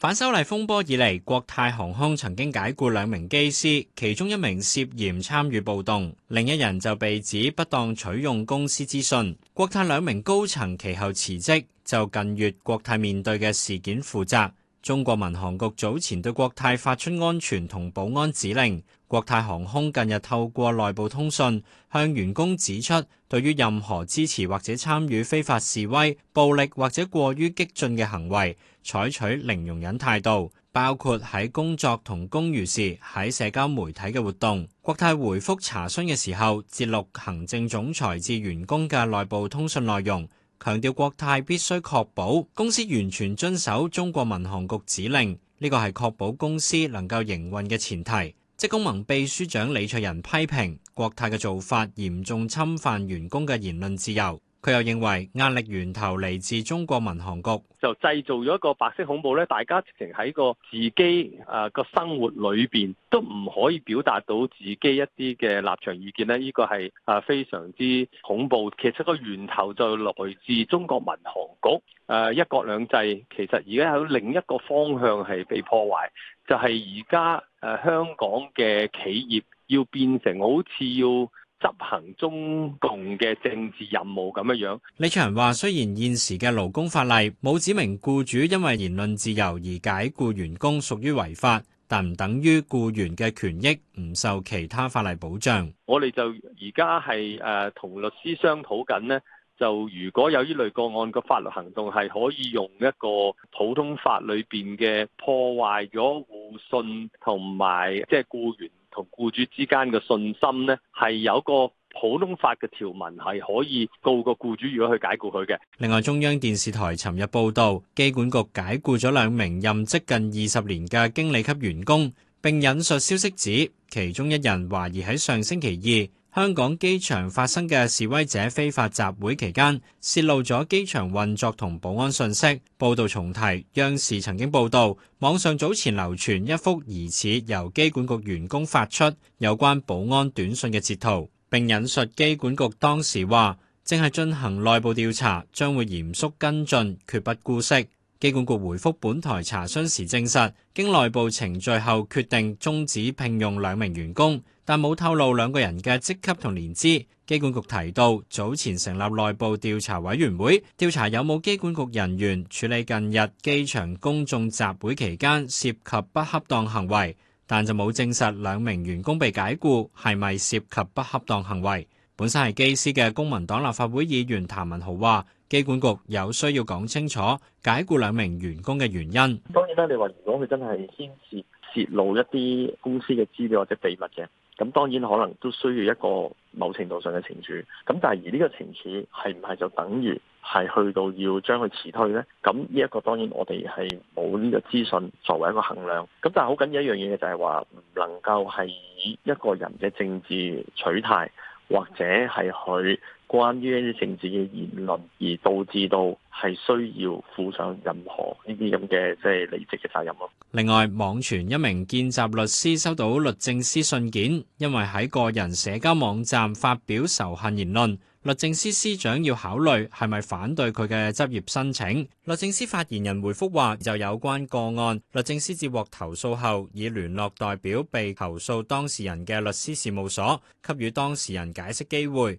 反修例風波以嚟，國泰航空曾經解僱兩名機師，其中一名涉嫌參與暴動，另一人就被指不當取用公司資訊。國泰兩名高層其後辭職，就近月國泰面對嘅事件負責。中國民航局早前對國泰發出安全同保安指令，國泰航空近日透過內部通訊向員工指出，對於任何支持或者參與非法示威、暴力或者過於激進嘅行為，採取零容忍態度，包括喺工作同公餘時喺社交媒體嘅活動。國泰回覆查詢嘅時候，節錄行政總裁至員工嘅內部通訊內容。強調國泰必須確保公司完全遵守中國民航局指令，呢個係確保公司能夠營運嘅前提。職工盟秘書長李卓人批評國泰嘅做法嚴重侵犯員工嘅言論自由。佢又認為壓力源頭嚟自中國民航局，就製造咗一個白色恐怖咧。大家直情喺個自己誒個生活裏邊都唔可以表達到自己一啲嘅立場意見咧。呢個係誒非常之恐怖。其實個源頭就來自中國民航局誒一國兩制。其實而家喺另一個方向係被破壞，就係而家誒香港嘅企業要變成好似要執行中共嘅政治任務咁樣樣。李卓人話：雖然現時嘅勞工法例冇指明僱主因為言論自由而解僱員工屬於違法，但唔等於僱員嘅權益唔受其他法例保障。我哋就而家係誒同律師商討緊呢，就如果有呢類個案個法律行動係可以用一個普通法裏邊嘅破壞咗互信同埋即係僱員。同僱主之間嘅信心呢，係有個普通法嘅條文係可以告個僱主，如果去解僱佢嘅。另外，中央電視台尋日報道，機管局解僱咗兩名任職近二十年嘅經理級員工。並引述消息指，其中一人懷疑喺上星期二。香港機場發生嘅示威者非法集會期間，洩露咗機場運作同保安信息。報道重提，央視曾經報道，網上早前流傳一幅疑似由機管局員工發出有關保安短信嘅截圖，並引述機管局當時話，正係進行內部調查，將會嚴肅跟進，絕不姑息。機管局回覆本台查詢時證實，經內部程序後決定終止聘用兩名員工。但冇透露兩個人嘅職級同年資。機管局提到早前成立內部調查委員會，調查有冇機管局人員處理近日機場公眾集會期間涉及不恰當行為，但就冇證實兩名員工被解雇係咪涉及不恰當行為。本身係機師嘅公民黨立法會議員譚文豪話：機管局有需要講清楚解雇兩名員工嘅原因。當然啦，你話如果佢真係先至。洩露一啲公司嘅資料或者秘密嘅，咁當然可能都需要一個某程度上嘅懲處，咁但係而呢個懲處係唔係就等於係去到要將佢辭退呢？咁呢一個當然我哋係冇呢個資訊作為一個衡量，咁但係好緊要一樣嘢就係話唔能夠係以一個人嘅政治取態或者係去。關於一啲政治嘅言論，而導致到係需要負上任何呢啲咁嘅即係離職嘅責任咯。另外，網傳一名見習律師收到律政司信件，因為喺個人社交網站發表仇恨言論，律政司司長要考慮係咪反對佢嘅執業申請。律政司發言人回覆話，就有關個案，律政司接獲投訴後，已聯絡代表被投訴當事人嘅律師事務所，給予當事人解釋機會。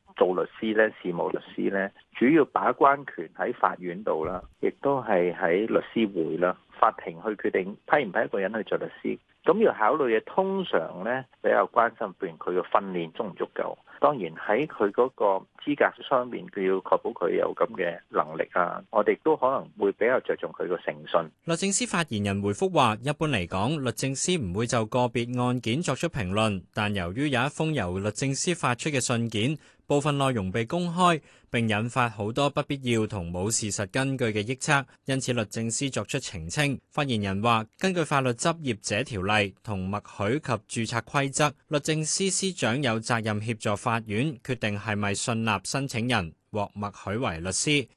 做律師咧，事務律師咧，主要把關權喺法院度啦，亦都係喺律師會啦，法庭去決定批唔批一個人去做律師。咁要考慮嘅通常咧，比較關心邊佢嘅訓練足唔足夠。當然喺佢嗰個資格上面，佢要確保佢有咁嘅能力啊。我哋都可能會比較着重佢嘅誠信。律政司發言人回覆話，一般嚟講，律政司唔會就個別案件作出評論，但由於有一封由律政司發出嘅信件。部分內容被公開，並引發好多不必要同冇事實根據嘅臆測，因此律政司作出澄清。發言人話：根據法律執業者條例同認許及註冊規則，律政司司長有責任協助法院決定係咪信納申請人獲認許為律師。